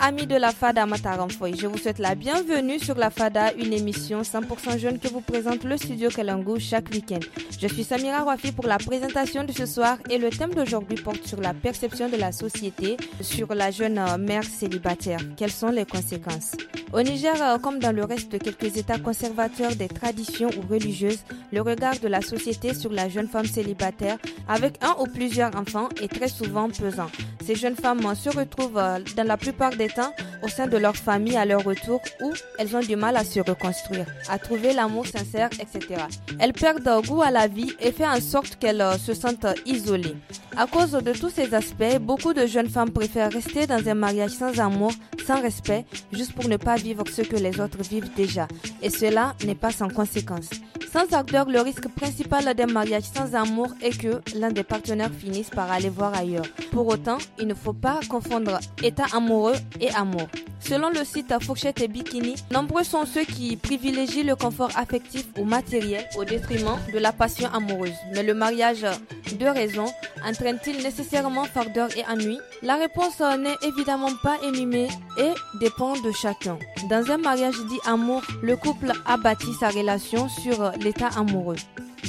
amis de la FADA Mataramfoy, je vous souhaite la bienvenue sur la FADA, une émission 100% jeune que vous présente le studio Kalangu chaque week-end. Je suis Samira Wafi pour la présentation de ce soir et le thème d'aujourd'hui porte sur la perception de la société sur la jeune euh, mère célibataire. Quelles sont les conséquences Au Niger, euh, comme dans le reste de quelques États conservateurs des traditions ou religieuses, le regard de la société sur la jeune femme célibataire avec un ou plusieurs enfants est très souvent pesant. Ces jeunes femmes euh, se retrouvent dans la plupart des temps au sein de leur famille à leur retour où elles ont du mal à se reconstruire, à trouver l'amour sincère, etc. Elles perdent goût à la vie et font en sorte qu'elles euh, se sentent isolées. À cause de tous ces aspects, beaucoup de jeunes femmes préfèrent rester dans un mariage sans amour, sans respect, juste pour ne pas vivre ce que les autres vivent déjà. Et cela n'est pas sans conséquence. Sans acteur, le risque principal d'un mariage sans amour est que l'un des partenaires finisse par aller voir ailleurs. Pour autant, il ne faut pas confondre état amoureux et amour. Selon le site Fourchette et Bikini, nombreux sont ceux qui privilégient le confort affectif ou matériel au détriment de la passion amoureuse. Mais le mariage de raison entraîne-t-il nécessairement fardeur et ennui La réponse n'est évidemment pas énumée et dépend de chacun. Dans un mariage dit amour, le couple a bâti sa relation sur l'état amoureux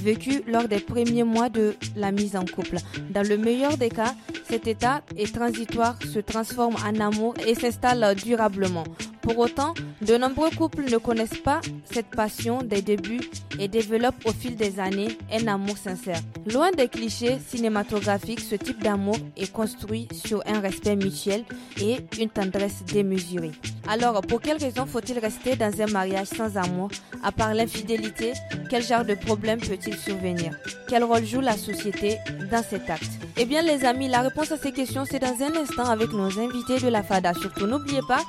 vécu lors des premiers mois de la mise en couple. Dans le meilleur des cas, cet état est transitoire, se transforme en amour et s'installe durablement. Pour autant, de nombreux couples ne connaissent pas cette passion des débuts et développent au fil des années un amour sincère. Loin des clichés cinématographiques, ce type d'amour est construit sur un respect mutuel et une tendresse démesurée. Alors, pour quelles raisons faut-il rester dans un mariage sans amour À part l'infidélité, quel genre de problème peut-il souvenir Quel rôle joue la société dans cet acte Eh bien les amis, la réponse à ces questions c'est dans un instant avec nos invités de la FADA. Surtout n'oubliez pas,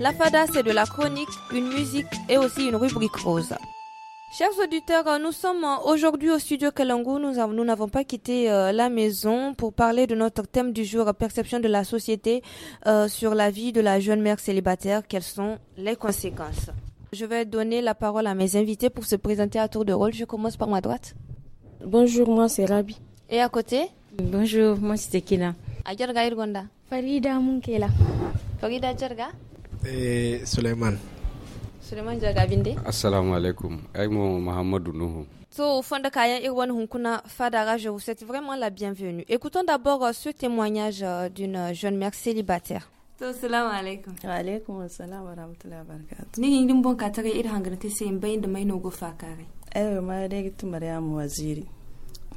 la FADA c'est de la chronique, une musique et aussi une rubrique rose. Chers auditeurs, nous sommes aujourd'hui au studio Kalangu. Nous n'avons pas quitté euh, la maison pour parler de notre thème du jour, perception de la société euh, sur la vie de la jeune mère célibataire. Quelles sont les conséquences je vais donner la parole à mes invités pour se présenter à tour de rôle. Je commence par ma droite. Bonjour, moi c'est Rabi. Et à côté Bonjour, moi c'est Tekina. Ajarga Irgonda. Farida Munkela. Farida Djerga. Et Suleiman. Suleiman Djerga Binde. Assalamu alaikum. Aïmo Mohamedou au So, de Kayan Irwan Hunkuna Fadara, je vous souhaite vraiment la bienvenue. Écoutons d'abord euh, ce témoignage euh, d'une euh, jeune mère célibataire. to salamu alaikum wa alaikum assalam wa rahmatullahi wa barakatuh ni ngi bon ka tare ir hangana te sem bayin da mai no go fa kare eh ma de gitu maryam waziri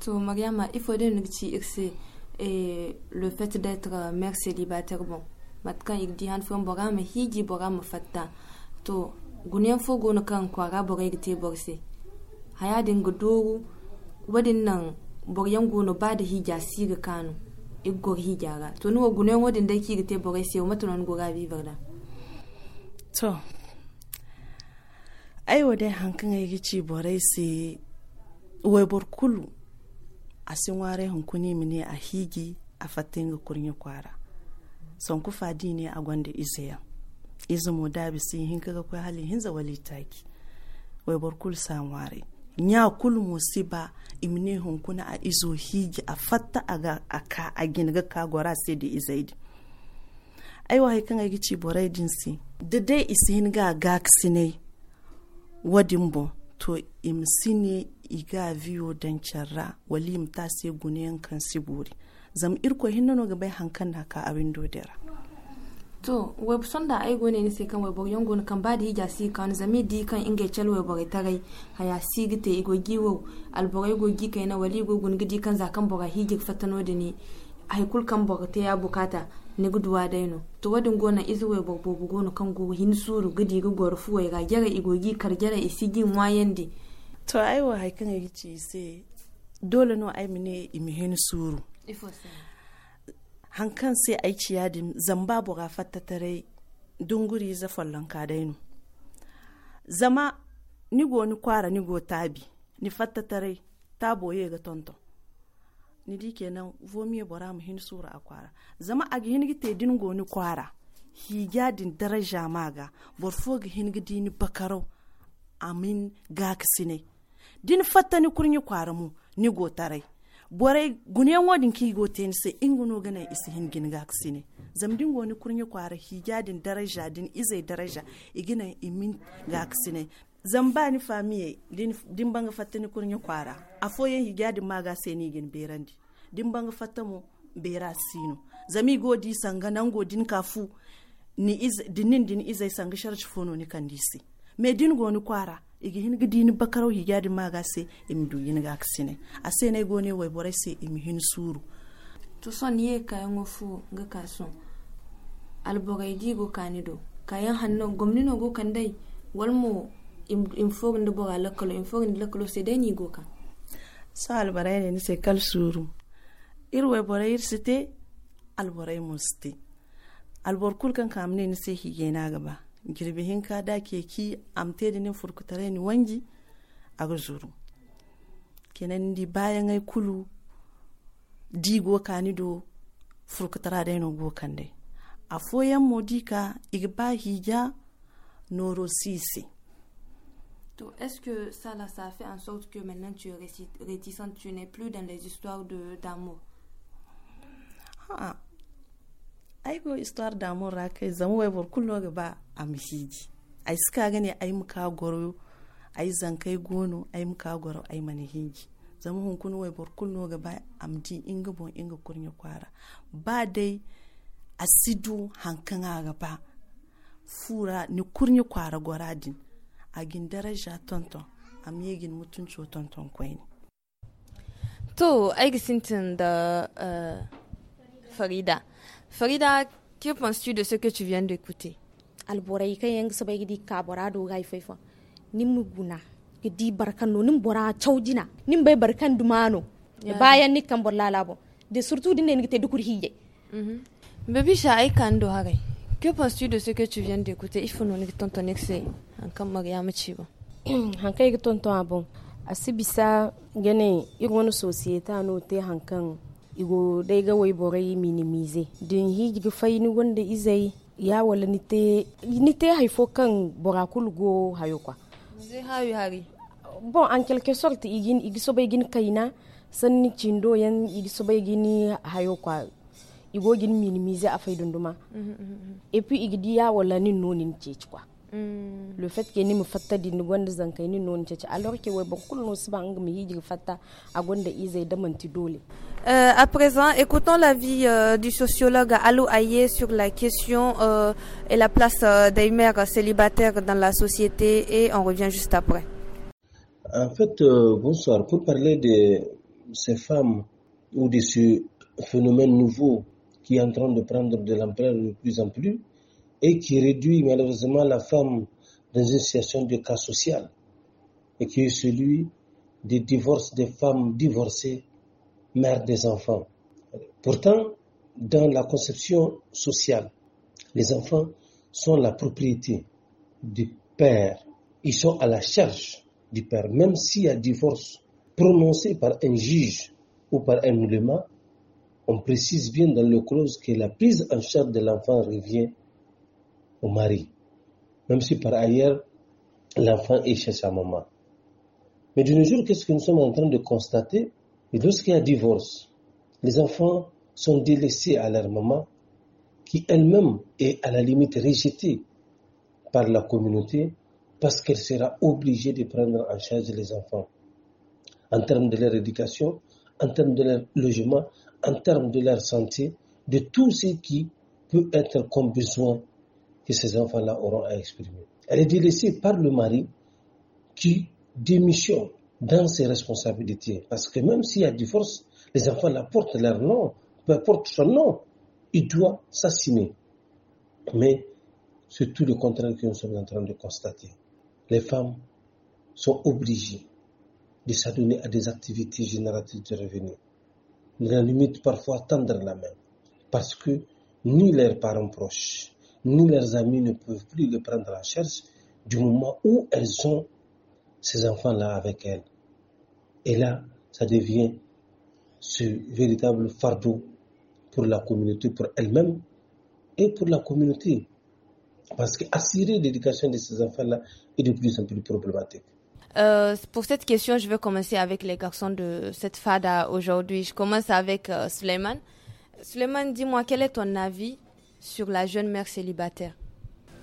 to maryama il faut de nous ci irse et le fait d'être euh, mère célibataire bon matkan ik di han fon boga ma hiji boga ma fatta to guniyan fo gona kan kwara boga igite borse haya dinga doru wadin nan boryan gono ba da hija siga kanu igor higyara to wogu gunen wadin da kiri gite bore sai mata non gora bi barda to ai wadai hankan ai gici bore sai wai borkulu a sin ware hankuni mini a higi a fatin ga kurni kwara son ku fadi ne a gwanda izaya izumu da bisi hin ga kai halin hinza zawali taki wai borkulu san ware nya kul musiba imne hun kuna a izo hiji a fatta aga aka a ginga ka gora sai da izaidi ai wa haikan ga gici borai dinsi da dai isin ga gaksine wadin bo to imsine iga viyo dan charra walim ta sai guneyan kan siburi zam irko hinno ga bai hankan na ka window dera to web sonda ay gone ni sekan yon gone kan badi hija si kan zami di kan inge chal webo ga tagay haya si sigite igo giwo alboga go gi kai na wali go gun gidi kan zakan boga hijik fatano de ni ay kul kan boga te ya bukata ne guduwa daino to wadin gona izu web bo bo gona kan go hin suru gidi go gorfu wai ga gere igo gi kar gere jara isigin di to ai wa haikan gici se dole no ai mine hin suru ifo hankan sai aici da zamba bura fatta tare dunguri za fallon kadainu zama nigo ni kwara nigo tabi ni fatta tare ta boye ga tonton ni di kenan vomi bora mu hin sura a kwara zama a ga hingi te dingo ni kwara hi din daraja maga borfo ga di ni bakaro amin ga kisine din fatta ni kurni kwara mu ni go tarai borai gune wadin ki go ten se inguno gana isihin gin gaksine zamdin goni kurnye kwara higadin daraja din izai daraja igina imin gaksine zamba ni famiye din banga fatani kurnye kwara afoyen higadin maga se ni gin berandi din banga fatamo bera sino zami godi sanga nan godin kafu ni iz dinin din izai sanga sharci fono ni kandisi me din goni kwara igi hinigi dini bakaraw hijadi maga se imi du yiniga aksine asene gone wai bore se imi hin suru to son ye kayan fu ga kason albogai digo kanido kayan gomni no go dai walmo in fogin da boga lakalo in fogin da lakalo sai dai ni go kan so albarai ne ni se kal suru irwe bore irsite alborai musti albor kulkan kamne ni sai higena gaba girbihin kada keki amte da nin furkutare ni wangi a zuru kenan di bayan ai kulu di goka ni do furkutara da yin gokan dai a foyan modika igba hija noro sisi Donc, est-ce que ça, là, ça a fait en sorte que maintenant tu es réticente, tu n'es plus dans les histoires de, d'amour ah, ai go histoire d'amour ra kai zama wai bor kullo ga ba amhiji ai suka gane ai muka goro ai zankai gono ai muka goro ai hinji zama hun kun wai bor kullo ga ba amdi inga bon inga kurnya kwara ba dai asidu hankan ga ba fura ni kurnya kwara goradin a gin daraja tonton a gin mutunci tonton kwai to ai sintin da eh, farida Farida, que penses-tu de ce que tu viens d'écouter Alboray kan yang sabai gidi ka bora do gai faifa nimuguna gidi barkano nim bora chawjina nim bai barkan dumano bayan ni kan bolla labo de surtout dinen gite dukur hiye mhm. bebisha ai kan que penses-tu de ce que tu viens d'écouter il faut non que tonton excès an kan maryama cibo han kai tonton abon asibisa gane irin societa no te hankan igo dai ga wai borai minimize din higi fai ni wanda izai ya wala ni te ni te haifo kan borakul go hayo kwa ze hayo hari bon en quelque sorte igin igi bay gin kaina sanni cindo yan igi bay gini hayo kwa igo gin minimize a faidunduma dunduma mhm, mm -hmm. et puis igidi ya wala ni nonin ceci kwa Mm. le fait qu'il ni mu fatta di qui zankai ni non cece alors que wai ban no su ba an mu fatta agonde gonda izai da manti dole Euh, à présent, écoutons l'avis euh, du sociologue Alou Aye sur la question euh, et la place euh, des mères célibataires dans la société et on revient juste après. En fait, euh, bonsoir. Pour parler de ces femmes ou de ce phénomène nouveau qui est en train de prendre de l'ampleur de plus en plus, et qui réduit malheureusement la femme dans une situation de cas social et qui est celui des divorces des femmes divorcées, mères des enfants. Pourtant, dans la conception sociale, les enfants sont la propriété du père. Ils sont à la charge du père, même s'il y a divorce prononcé par un juge ou par un nullement. on précise bien dans le clause que la prise en charge de l'enfant revient mari, même si par ailleurs l'enfant est chez sa maman. Mais de nos jours, qu'est-ce que nous sommes en train de constater Et lorsqu'il y a divorce, les enfants sont délaissés à leur maman, qui elle-même est à la limite rejetée par la communauté parce qu'elle sera obligée de prendre en charge les enfants en termes de leur éducation, en termes de leur logement, en termes de leur santé, de tout ce qui peut être comme besoin que ces enfants-là auront à exprimer. Elle est délaissée par le mari qui démissionne dans ses responsabilités. Parce que même s'il y a divorce, les enfants là portent leur nom, peu importe son nom, il doit s'assiner. Mais c'est tout le contraire que nous sommes en train de constater. Les femmes sont obligées de s'adonner à des activités génératives de revenus. la limite parfois tendre la main. Parce que ni leurs parents proches, ni leurs amis ne peuvent plus les prendre la charge du moment où elles ont ces enfants-là avec elles. Et là, ça devient ce véritable fardeau pour la communauté, pour elle-même et pour la communauté. Parce qu'assurer l'éducation de ces enfants-là est de plus en plus problématique. Euh, pour cette question, je vais commencer avec les garçons de cette fada aujourd'hui. Je commence avec euh, Suleiman. dis-moi, quel est ton avis sur la jeune mère célibataire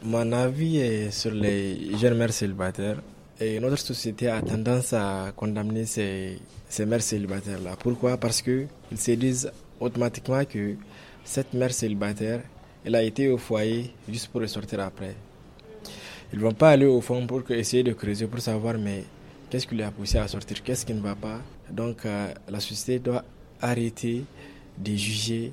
Mon avis est sur les jeunes mères célibataires. Et notre société a tendance à condamner ces, mères célibataires-là. Pourquoi Parce qu'ils se disent automatiquement que cette mère célibataire, elle a été au foyer juste pour ressortir après. Ils ne vont pas aller au fond pour essayer de creuser, pour savoir mais qu'est-ce qui lui a poussé à sortir, qu'est-ce qui ne va pas. Donc euh, la société doit arrêter de juger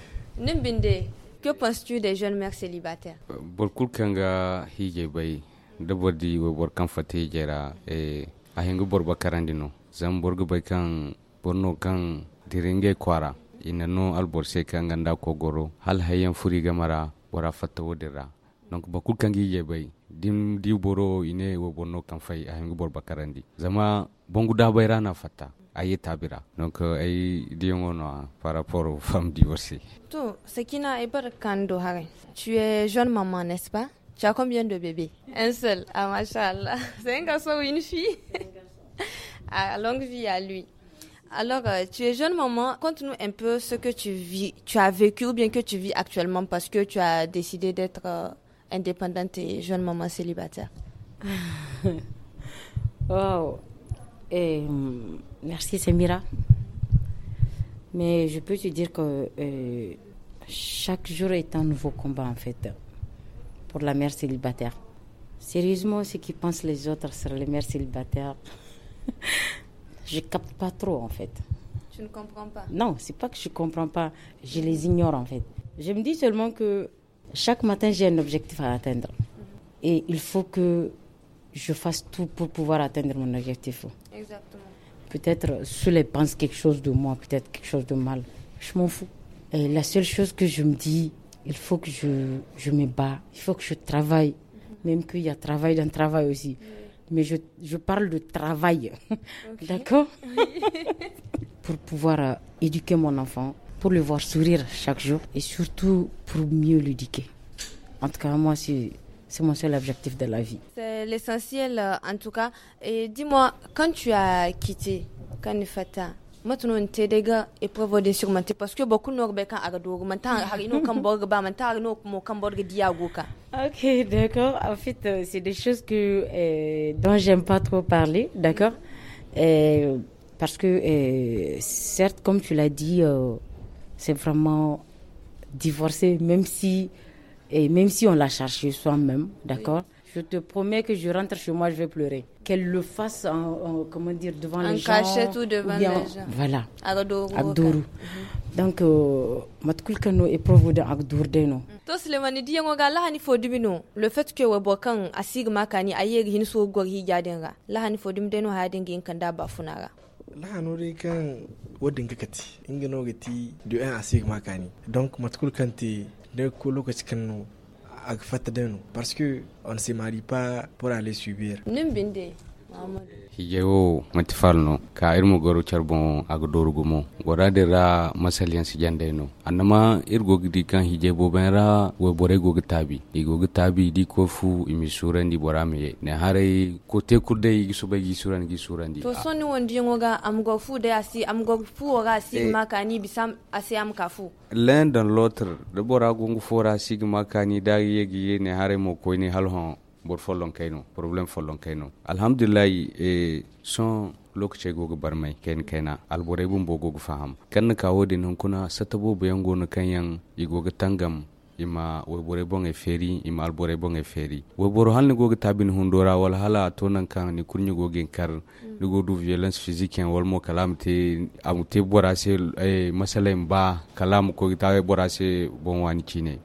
Nimbinde, que penses-tu des jeunes mères célibataires Beaucoup kanga hije bay, d'abord di fati jera e ahengu borba karandino. Zam bay diringe kwara. Ina no albor se kanga nda kogoro. Hal hayam furi gamara wara fata donc beaucoup kangi Dim di boro ine waborno kan fay ahengu borba karandi. Zama bongu da bay fata. Aïe tabira donc euh, ay a par rapport aux femmes divorcées to sekina qui kando tu es jeune maman n'est-ce pas tu as combien de bébés un seul ah machallah c'est un garçon ou une fille à ah, longue vie à lui alors, euh, tu es jeune maman, conte-nous un peu ce que tu vis, tu as vécu ou bien que tu vis actuellement parce que tu as décidé d'être euh, indépendante et jeune maman célibataire. wow. Et, hmm, Merci Semira. Mais je peux te dire que euh, chaque jour est un nouveau combat en fait pour la mère célibataire. Sérieusement, ce qui pensent les autres sur les mères célibataires, je capte pas trop en fait. Tu ne comprends pas Non, c'est pas que je comprends pas, je les ignore en fait. Je me dis seulement que chaque matin j'ai un objectif à atteindre mhm. et il faut que je fasse tout pour pouvoir atteindre mon objectif. Exactement peut-être cela pense quelque chose de moi, peut-être quelque chose de mal. Je m'en fous. la seule chose que je me dis, il faut que je, je me bats, il faut que je travaille, mhm. même qu'il y a travail dans le travail aussi. Mais je, je parle de travail, d'accord Pour pouvoir euh, éduquer mon enfant, pour le voir sourire chaque jour et surtout pour mieux l'éduquer. En tout cas, moi, c'est c'est mon seul objectif de la vie. C'est l'essentiel euh, en tout cas. Et dis-moi, quand tu as quitté Kanifata, matano nte et epreuve de surmonter parce que beaucoup suis pas à dogo maintenant harino kamborg ba manta harino mo ça. ok d'accord en fait euh, c'est des choses que euh, dont j'aime pas trop parler d'accord parce que certes comme tu l'as dit c'est vraiment divorcé même si et même si on l'a cherché soi-même, d'accord je te promets que je rentre chez moi, je vais pleurer. Qu'elle le fasse comment dire, devant les gens. En cachette ou devant les gens. Voilà. Agdourou. Donc, euh, matkulkano est épreuve de mm. Tous les Le fait que wabokan je La hani je La kan kakati. gati Donc matkulkanti nekolo que cikin a fait fata parce que on ne se marie pas pour aller subir ne hijewo matifalno ka irmo goro charbon aga dorugo mo gorade ra masalian si jande no anama irgo gidi kan hije bo ben ra we bore go gitabi igo gitabi di ko fu imi surandi borame ne hare ko te kurde igi suba gi surandi gi surandi to sonni wondi ngoga am go fu de asi am go fu oga si eh. makani bisam asi am ka fu l'un dans l'autre de bora gongu fora sigma kani da yegi ne hare mo ko ni halhon bor follon kayno problem follon kayno alhamdulillahi e son lokace gogo barmai ken kena alborai bun bo gogo faham kan na kawo din kuna satabo bayan gonu kanyan igoga tangam ima webore bon e feri ima albore bon e feri weboro hal ni gogo tabin hundora wal hala to nan kan ni kurnyo gogen kar ni du violence physique en wal mo te amute borase e masalem ba kalam ko gitawe borase bon wani kine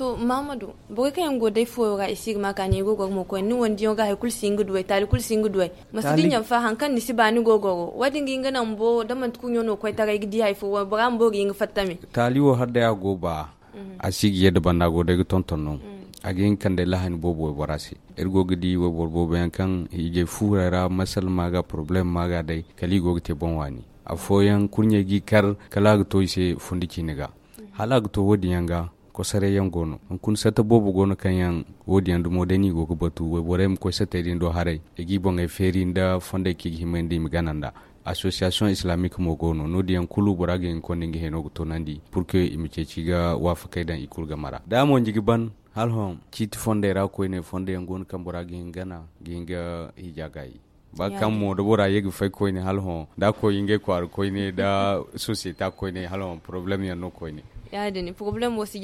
to mamadu boga kayen godai foyo fo ga isig maka ne go go mo ko ni wondi yo ga hay kul singu duwe tali kul singu duwe masidi nyam fa hankan ni sibani go go wadin ginga nan bo da man tukun yo no ko ta ga gidi hay fo wa bram bo ginga fattami tali wo hadda da ya go ba mhm. asig yeda banda go dai ton ton no mhm. agin kan da lahani bobo e borasi ergo gidi bo bo ben kan ije fura ra masal ma ga problem ma ga dai kali go te bon wani a foyan kunye gi kar kala to ise fundiki niga mhm. halag to wodi yanga ko sare yan gono kun sata bobu gono kan yan wodi yan dumo deni go batu we bore ko sata din do hare e gi bonga e feri nda fonde ki himende mi gananda association islamique mo gono no diyan kulu borage ko ningi heno to nandi pour que imi ceciga wafa kaydan ikul mara da mo jigi ban hal hon citi fonde ra ko ne fonde yan gono kan borage gana ginga hijagai ba kan mo da bora yegi fai koyne hal hon da ko yinge ko ar koyne da societe koyne hal hon problem ya no koyne Il y a des problèmes aussi.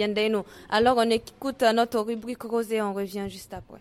Alors, on écoute notre rubrique rosée. on revient juste après.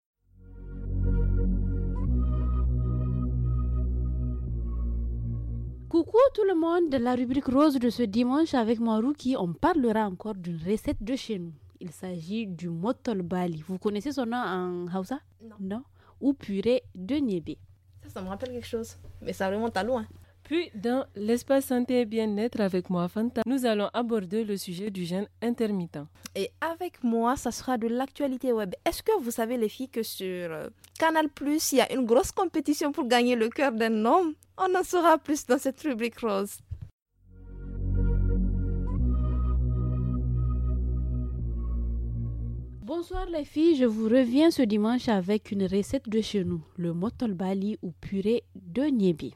Coucou tout le monde de la rubrique rose de ce dimanche avec Ruki, On parlera encore d'une recette de chez nous. Il s'agit du motol bali. Vous connaissez son nom en Hausa Non. Ou purée de niébé. Ça, ça me rappelle quelque chose. Mais ça remonte à loin. Puis, dans l'espace santé et bien-être avec moi, Fanta, nous allons aborder le sujet du jeûne intermittent. Et avec moi, ça sera de l'actualité web. Est-ce que vous savez, les filles, que sur euh, Canal, il y a une grosse compétition pour gagner le cœur d'un homme on en saura plus dans cette rubrique rose. Bonsoir les filles, je vous reviens ce dimanche avec une recette de chez nous, le motolbali ou purée de niébé.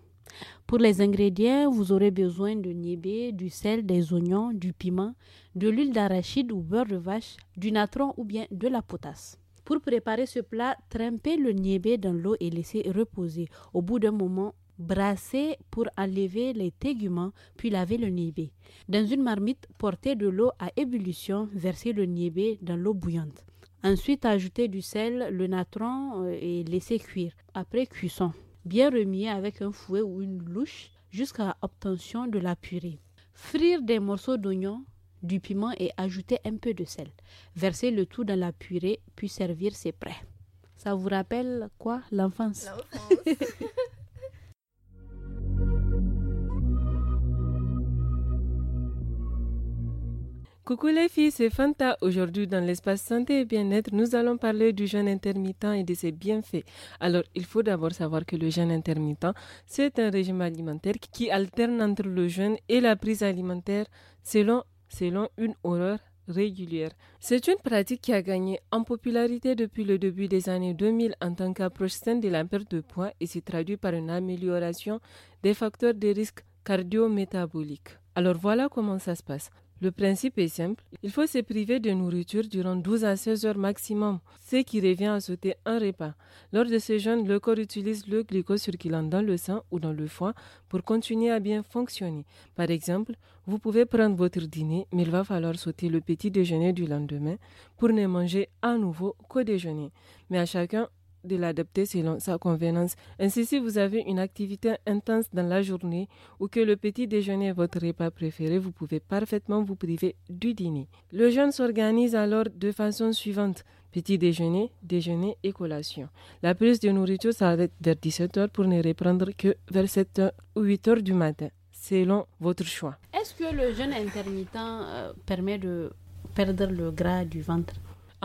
Pour les ingrédients, vous aurez besoin de niébé, du sel, des oignons, du piment, de l'huile d'arachide ou beurre de vache, du natron ou bien de la potasse. Pour préparer ce plat, trempez le niébé dans l'eau et laissez reposer. Au bout d'un moment, brasser pour enlever les téguments, puis laver le nibé Dans une marmite, porter de l'eau à ébullition, verser le niébé dans l'eau bouillante. Ensuite, ajouter du sel, le natron euh, et laisser cuire. Après cuisson, bien remuer avec un fouet ou une louche jusqu'à obtention de la purée. Frire des morceaux d'oignon, du piment et ajouter un peu de sel. Verser le tout dans la purée puis servir, c'est prêt. Ça vous rappelle quoi L'enfance. Coucou les filles, c'est Fanta. Aujourd'hui, dans l'espace santé et bien-être, nous allons parler du jeûne intermittent et de ses bienfaits. Alors, il faut d'abord savoir que le jeûne intermittent, c'est un régime alimentaire qui alterne entre le jeûne et la prise alimentaire selon, selon une horreur régulière. C'est une pratique qui a gagné en popularité depuis le début des années 2000 en tant qu'approche saine de la perte de poids et se traduit par une amélioration des facteurs de risque cardio métabolique Alors voilà comment ça se passe. Le principe est simple. Il faut se priver de nourriture durant 12 à 16 heures maximum, ce qui revient à sauter un repas. Lors de ce jeûne, le corps utilise le glucose circulant dans le sang ou dans le foie pour continuer à bien fonctionner. Par exemple, vous pouvez prendre votre dîner, mais il va falloir sauter le petit déjeuner du lendemain pour ne manger à nouveau qu'au déjeuner. Mais à chacun de l'adapter selon sa convenance. Ainsi, si vous avez une activité intense dans la journée ou que le petit déjeuner est votre repas préféré, vous pouvez parfaitement vous priver du dîner. Le jeûne s'organise alors de façon suivante. Petit déjeuner, déjeuner et collation. La prise de nourriture s'arrête vers 17h pour ne reprendre que vers 7h ou 8h du matin, selon votre choix. Est-ce que le jeûne intermittent euh, permet de perdre le gras du ventre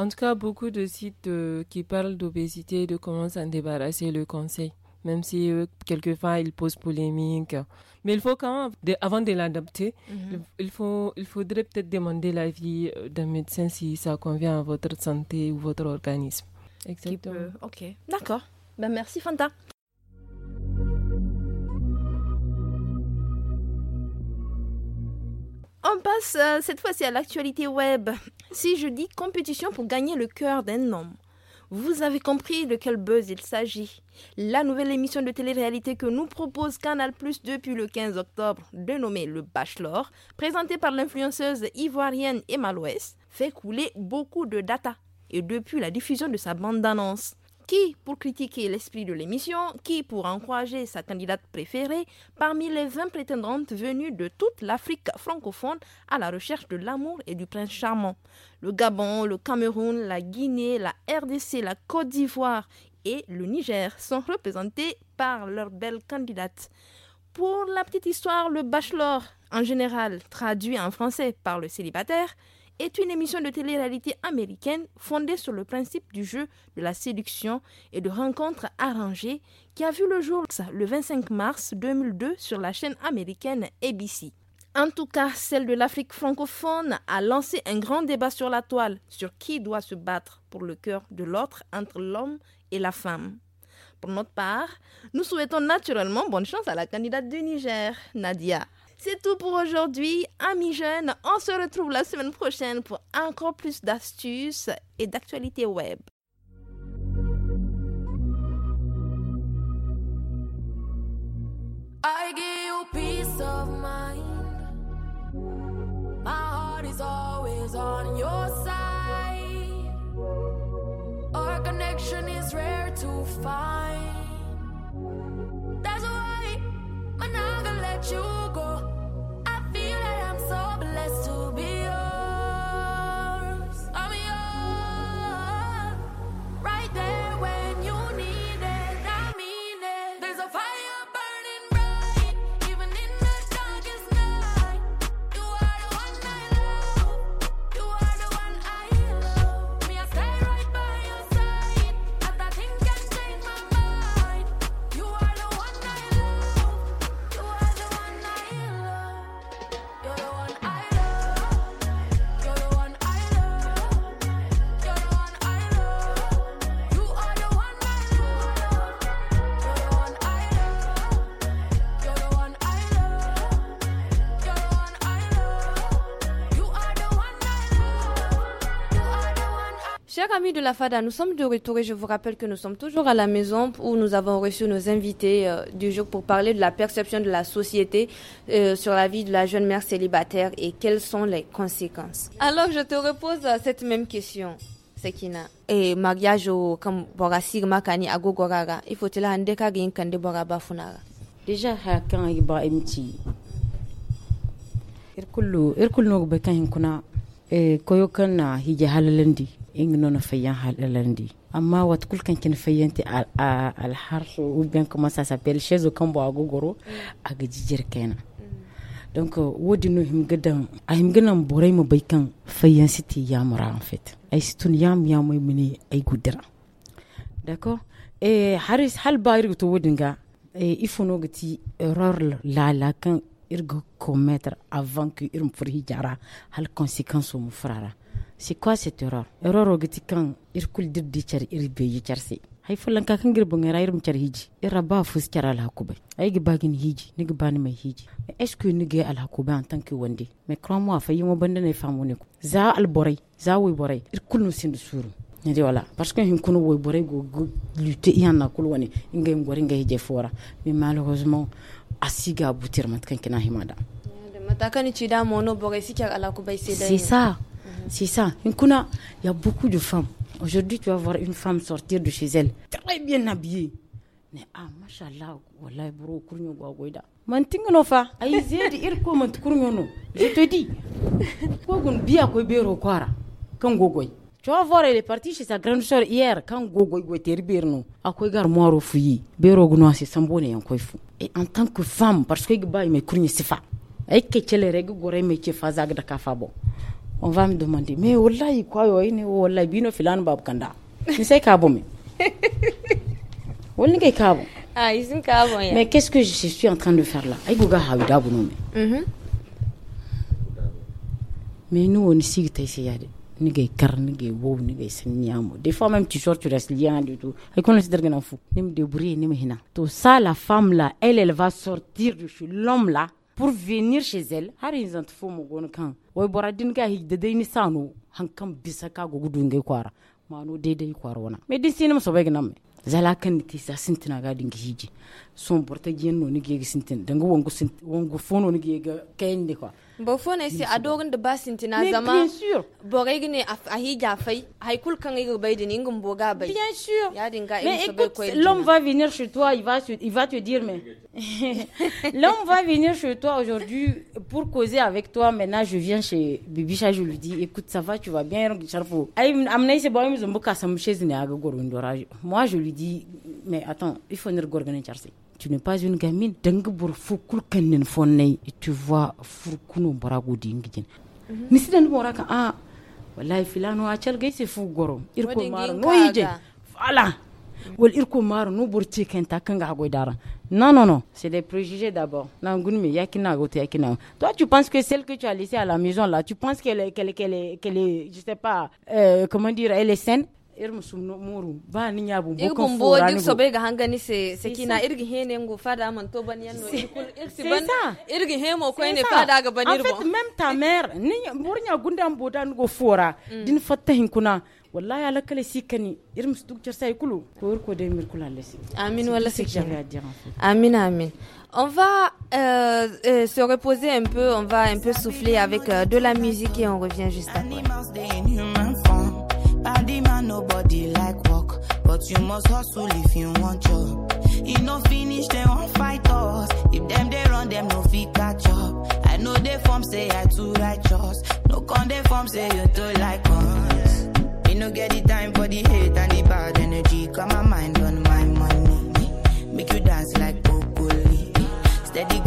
en tout cas, beaucoup de sites qui parlent d'obésité, de comment s'en débarrasser, le conseil. Même si quelquefois ils posent polémique. Mais il faut quand même, avant de l'adopter, mhm. il, faut, il faudrait peut-être demander l'avis euh, d'un médecin si ça convient à votre santé ou votre organisme. Exactement. Ok, d'accord. Ben merci Fanta. On passe euh, cette fois-ci à l'actualité web. Si je dis compétition pour gagner le cœur d'un homme, vous avez compris de quel buzz il s'agit. La nouvelle émission de télé-réalité que nous propose Canal Plus depuis le 15 octobre, dénommée Le Bachelor, présentée par l'influenceuse ivoirienne Emma Loès, fait couler beaucoup de data. Et depuis la diffusion de sa bande d'annonces qui pour critiquer l'esprit de l'émission, qui pour encourager sa candidate préférée parmi les 20 prétendantes venues de toute l'Afrique francophone à la recherche de l'amour et du prince charmant. Le Gabon, le Cameroun, la Guinée, la RDC, la Côte d'Ivoire et le Niger sont représentés par leurs belles candidates. Pour la petite histoire, le bachelor, en général traduit en français par le célibataire, est une émission de télé-réalité américaine fondée sur le principe du jeu de la séduction et de rencontres arrangées qui a vu le jour le 25 mars 2002 sur la chaîne américaine ABC. En tout cas, celle de l'Afrique francophone a lancé un grand débat sur la toile, sur qui doit se battre pour le cœur de l'autre entre l'homme et la femme. Pour notre part, nous souhaitons naturellement bonne chance à la candidate du Niger, Nadia c'est tout pour aujourd'hui, amis jeunes. On se retrouve la semaine prochaine pour encore plus d'astuces et d'actualités web. I give you peace of mind. My heart is always on your side. Our connection is rare to find. That's why I'm not gonna let you go. let's amis de la FADA, nous sommes de retour et je vous rappelle que nous sommes toujours à la maison où nous avons reçu nos invités euh, du jour pour parler de la perception de la société euh, sur la vie de la jeune mère célibataire et quelles sont les conséquences. Alors, je te repose cette même question. Sekina. Et mariage au Kambora sigma kani agogoraga ifotila hande kaga yin kande bora bafunaga deja ha un iba emti irkullu irkullu no be kan kuna e eh, koyo kan na un halalandi ingino na fayan halandi amma wata kulkan kin fayanti alhar ou bien comment ça s'appelle chez au kambo agogoro aga jijir kenan donc wodi no himgadan a him borai mu bai kan fayan siti yamura en fait ay situn yam yamai mini ay gudira d'accord et haris hal bayr to wodinga et il faut no gati erreur la la kan irgo commettre avant que irm furhi jara hal conséquence mu frara c'est quoi cette erreur Erreur ogiti kan irkuldir di char irbe yi charse. Hay fulan ka kan girbon era irum char hiji. Ira ba fus char al hakuba. Ay gi bagin hiji, ni gi bani mai hiji. est-ce que ni gi al hakuba en tant que wande? Mais crois-moi fa yimo bande ne famu ne ko. Za al boray, za wi boray. Irkul no sin suru. ni di wala parce que hin kono woy boray go lutte kul woni ingay ngori ngay je fora. Mais malheureusement asiga butir mat kan kina himada. Matakani chida mono boray sikya ala kubai sedai. C'est ça. C'est ça. il y a beaucoup de femmes. Aujourd'hui, tu vas voir une femme sortir de chez elle, très bien habillée. Mais ah, machallah, wallahi, bro, kurnyo gwa goida. Mantingono fa, aizier irko mant kurnyono. Je te dis. Kogun biya ko bero kwara. Kan gogoy. Tu vas voir, elle est partie chez sa grande sœur hier. Quand Gogo Gueter Birno, à quoi gare Bero Gnoa c'est Sambone et Koifu. Et en tant que femme, parce que Gba il me courne Sifa. Et que tu les Gore me fazag da kafabo on va me demander mais wallahi quoi yo ine wallahi bino filan bab kanda ni sai ka bon wani kai ka bon ah isin ka bon mais qu'est-ce que je suis en train de faire là ay goga hawida bunu me mhm mais nous on ici ta ici de ni gay kar ni gay wo ni gay sen nyamo des fois même tu sors tu restes liant du tout ay qu'on se dergana fou ni me débrouiller ni me hina to ça la femme là elle elle va sortir de chez l'homme là pour venir chez elle har yin zan tufo mu gon kan wai bora ga higde dai ni sano hankan bisa ka gugu dunge kwara mano de de kwara wana medicine din sinu so zala kan ti sa sintina ga dingi hiji son borta giyan no ni gege sintin danga wongo sintin wongo fono ni gege kayen de quoi bo fone si adogon da ba sintina zama bien sûr bo gine a hija hay haikul kan ga bai boga bay bien sûr ya dinga mais écoute l'homme va venir chez toi il va il va te dire mais l'homme va venir chez toi aujourd'hui pour causer avec toi maintenant je viens chez Bibicha je lui dis écoute ça va tu vas bien donc charfo ay amnay se boy muzumbuka sam chez ne aga moi je lui dis mais attends il faut ne gorgane charsi tu n'es pas une gamine danga bor fo kul kan nin tu vois fur kuno barago dingin misidan mhm. bora ka ah wallahi filano a calgai se fu goro irko maro noyije voilà wal irko maro no bor te kan ta kan ga non non non c'est des préjugés d'abord nangunmi yakina gote yakina toi tu penses que celle que tu as laissée à la maison là tu penses qu'elle qu'elle qu'elle qu'elle je sais pas euh, comment dire elle est saine irin su muru ba ni ya bumbu kan fura ni so bai ga hangani se se kina irgi hene ngo fada man to ban yanno irsi ban irgi hemo ko ne fada ga banir bo en fait même ta mère ni burnya gundan bodan go fora mm. din fatta hin kuna wallahi ala kala si kani irin su duk sai kulu ko ko de mir kula lesi amin wala sik amin amin On va euh, euh, se reposer un peu, on va un peu souffler avec euh, de la musique et on revient juste après. nobody like work, but you must hustle if you want job. You no finish, they won't fight us. If them they run, them no fit catch up. I know they form say I too righteous. No con they form say you too like us. You no get the time for the hate and the bad energy. Got my mind on my money. Make you dance like Popoli. Steady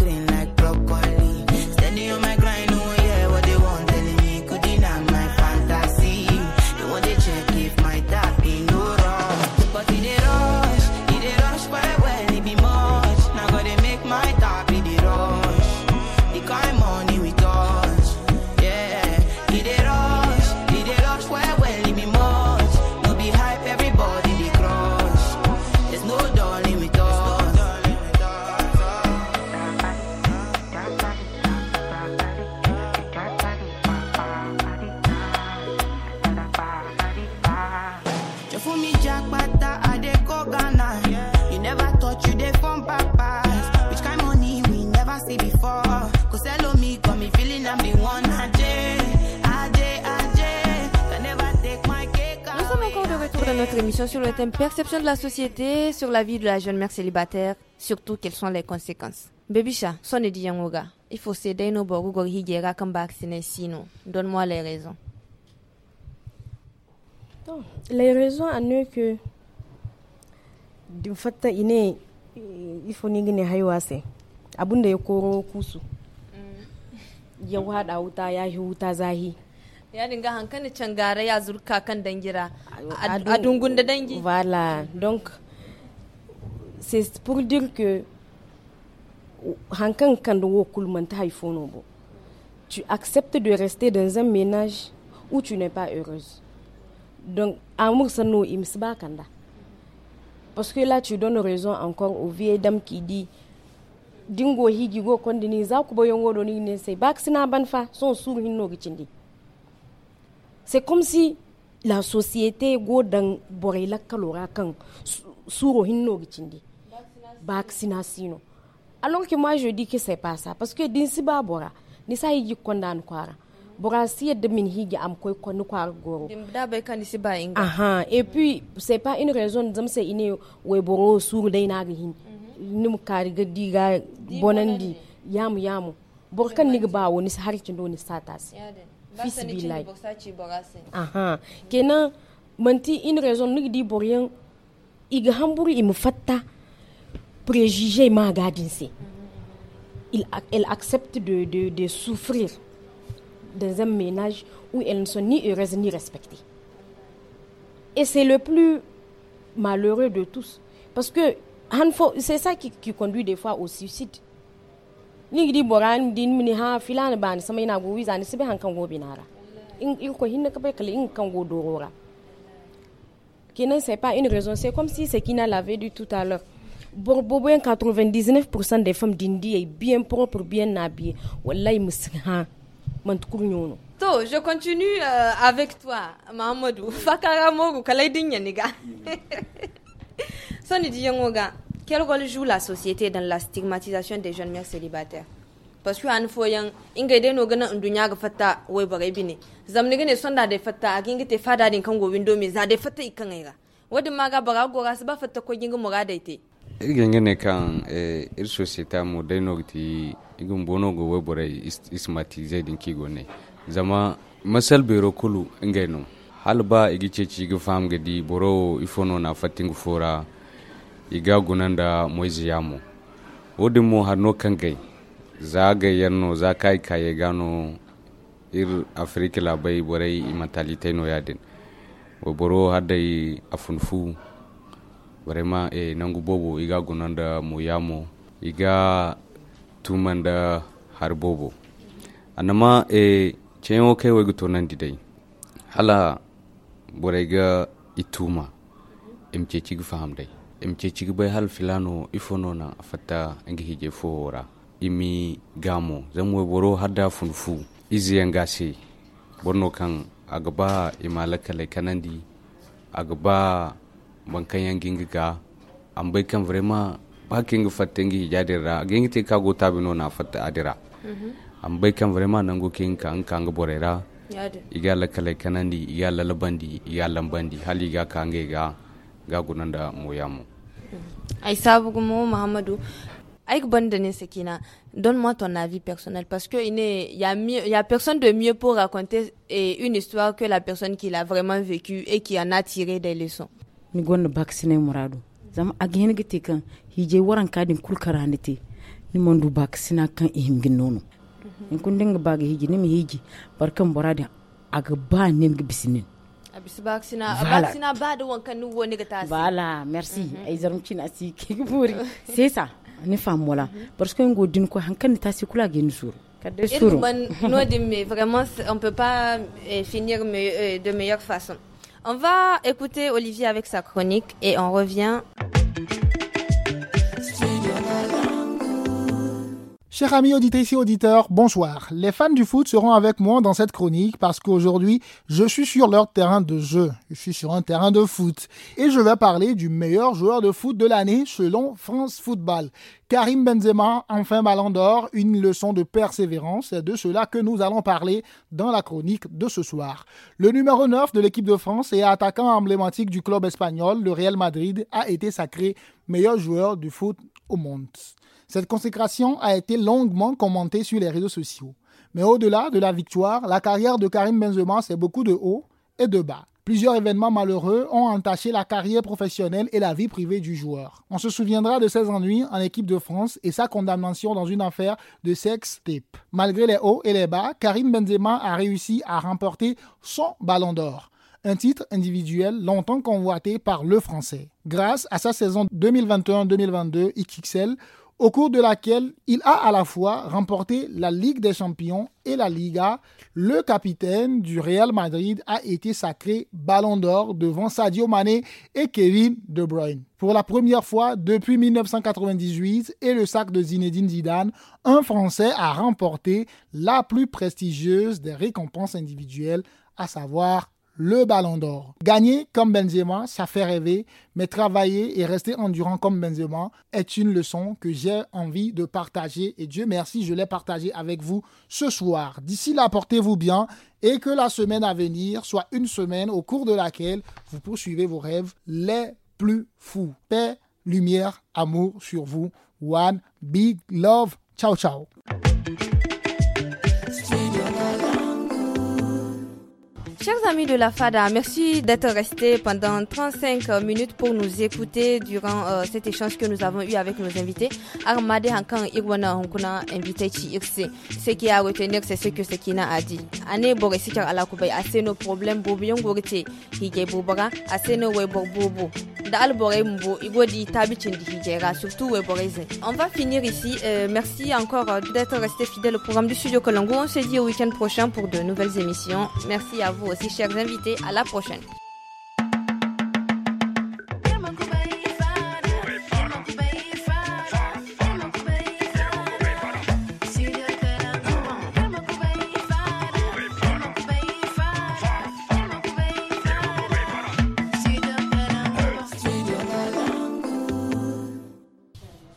votre émission sur le thème perception de la société sur la vie de la jeune mère célibataire, surtout quelles sont les conséquences. Bébicha, sonne dit Yangoga. Il faut céder nos borgogor gera comme vacciné sinon. Donne-moi les raisons. les raisons à nous que. Du fait, il faut n'y gagner haïwase. Abunda yokoro kusu. Yawa da uta ya zahi ya nga hankali can ya zurka kan dangira adungunde dangi voilà donc c'est pour dire que hankan kan da wokul man ta bo tu acceptes de rester dans un ménage où tu n'es pas heureuse donc amour ça no imsba kanda parce que là tu donnes raison encore aux vieilles dames qui dit dingo higi go kondini za ku ni ne bak son sur hinno c'est comme si la société go dan borai la kalora kan suro hinno gicindi vaccination alors que moi je dis que c'est pas ça parce que din siba ba bora ni sa yi kondan kwara bora si de min higi am koy ko ni kwara goro da bai kan si ba inga aha et puis c'est pas une raison zam sai ine we boro suru dai na gi hin mhm. nim kar ga diga bonandi yamu yamu bor kan ni ga ba ni sa har ci do ni status yeah, C'est aha kenan manti une raison nuk di pour iga hamburu imu fatta préjugé ma il elle accepte de, de, souffrir dans un ménage où elles ne sont ni heureuses ni respectées. Et c'est le plus malheureux de tous. Parce que c'est ça qui, qui conduit des fois au suicide nigidi boran din mini ha filana bani sama ina go wiza ni sibe hankan go binara in in ko hinna ka bai in kan go dorora ne c'est pas une raison c'est comme si c'est qui n'a lavé du tout à l'heure Bobo 99% des femmes dindi est bien propre, bien habillée. Wallahi musha man nyono To, je continue euh, avec toi, mamadou Fakara mogu kalay dinya niga. Soni diyangoga. Quel rôle joue la société dans la stigmatisation des jeunes mères célibataires parce que an foyan inga dai no ganan dunya ga fatta wai bagai bine zamni sonda da fatta a fada din kan gobin domi za da fatta ikan ai ga wadin ma ga baga gora su ba fatta ko ginga mura da ite igin gane kan eh ir societa mu dai no ti igin bono din ki gone zama masal bero kulu inga no hal ba igi ce ci boro ifono na fatin fora iga gunanda moizi yamu wodi mo hanno kangai zaga yanno za k'a yi kaye gano ir afirki labai borai i no yadin wo boro hadai afunfu vraiment e nangu bobo iga gunanda mo yamo. iga da har bobo anama e cewa kai wai guto nan didai hala borai ga ituma imce ci faham dai mcecigbe hal filano ifonona afata ngi hije fohora imi gamo zanwe boro hada funfu izi yangasi borno kan agaba imalaka kanandi agaba bankan yangin ga an bai kan vrema ba kinga fatta ngi hija dira gengi te kago tabino na fatta adira mhm. an bai kan vrema nango ka an kan borera iga la kanandi iga lalabandi labandi iga lambandi hali ga kange ga ga gunanda moyamu Aïssa Bougoumou, Mahamadou. Aïk Bondene Sekina, donne-moi ton avis personnel parce que il y a mieux, il y a personne de mieux pour raconter une histoire que la personne qui l'a vraiment vécu et qui en a tiré des leçons. Migon Baksine Mourado. Zam zama gite kan hije waran kadin kulkaranite ni mondu baksina kan ihimgin nono. Mhm. In kun dinga bagi hiji nimi hiji barkan borada aga ba nim voilà, merci. Mhm. C'est ça. ne famola mhm. parce que ngo din ko hankan ta si kula gen sur vraiment on peut pas eh, finir eh, de meilleure façon on va écouter Olivier avec sa chronique et on revient Chers amis auditrices et auditeurs, bonsoir. Les fans du foot seront avec moi dans cette chronique parce qu'aujourd'hui, je suis sur leur terrain de jeu. Je suis sur un terrain de foot. Et je vais parler du meilleur joueur de foot de l'année selon France Football. Karim Benzema, enfin ballon d'or, une leçon de persévérance. C'est de cela que nous allons parler dans la chronique de ce soir. Le numéro 9 de l'équipe de France et attaquant emblématique du club espagnol, le Real Madrid, a été sacré meilleur joueur du foot au monde. Cette consécration a été longuement commentée sur les réseaux sociaux. Mais au-delà de la victoire, la carrière de Karim Benzema, c'est beaucoup de hauts et de bas. Plusieurs événements malheureux ont entaché la carrière professionnelle et la vie privée du joueur. On se souviendra de ses ennuis en équipe de France et sa condamnation dans une affaire de sexe tape Malgré les hauts et les bas, Karim Benzema a réussi à remporter son ballon d'or, un titre individuel longtemps convoité par le Français. Grâce à sa saison 2021-2022 XXL, au cours de laquelle il a à la fois remporté la Ligue des Champions et la Liga. Le capitaine du Real Madrid a été sacré Ballon d'Or devant Sadio Mané et Kevin De Bruyne. Pour la première fois depuis 1998 et le sac de Zinedine Zidane, un Français a remporté la plus prestigieuse des récompenses individuelles, à savoir le ballon d'or. Gagner comme Benzema, ça fait rêver, mais travailler et rester endurant comme Benzema est une leçon que j'ai envie de partager et Dieu merci, je l'ai partagé avec vous ce soir. D'ici là, portez-vous bien et que la semaine à venir soit une semaine au cours de laquelle vous poursuivez vos rêves les plus fous. Paix, lumière, amour sur vous. One big love. Ciao, ciao. Chers amis de la FADA, merci d'être restés pendant 35 minutes pour nous écouter durant euh, cet échange que nous avons eu avec nos invités. Armade Hankan Irwana Hankuna, invité Chi Ce qui à retenir, c'est ce que Sekina a dit. assez nos problèmes, assez nos surtout On va finir ici. Euh, merci encore euh, d'être resté fidèle au programme du studio Colongo. On se dit au week-end prochain pour de nouvelles émissions. Merci à vous Merci chers invités. À la prochaine.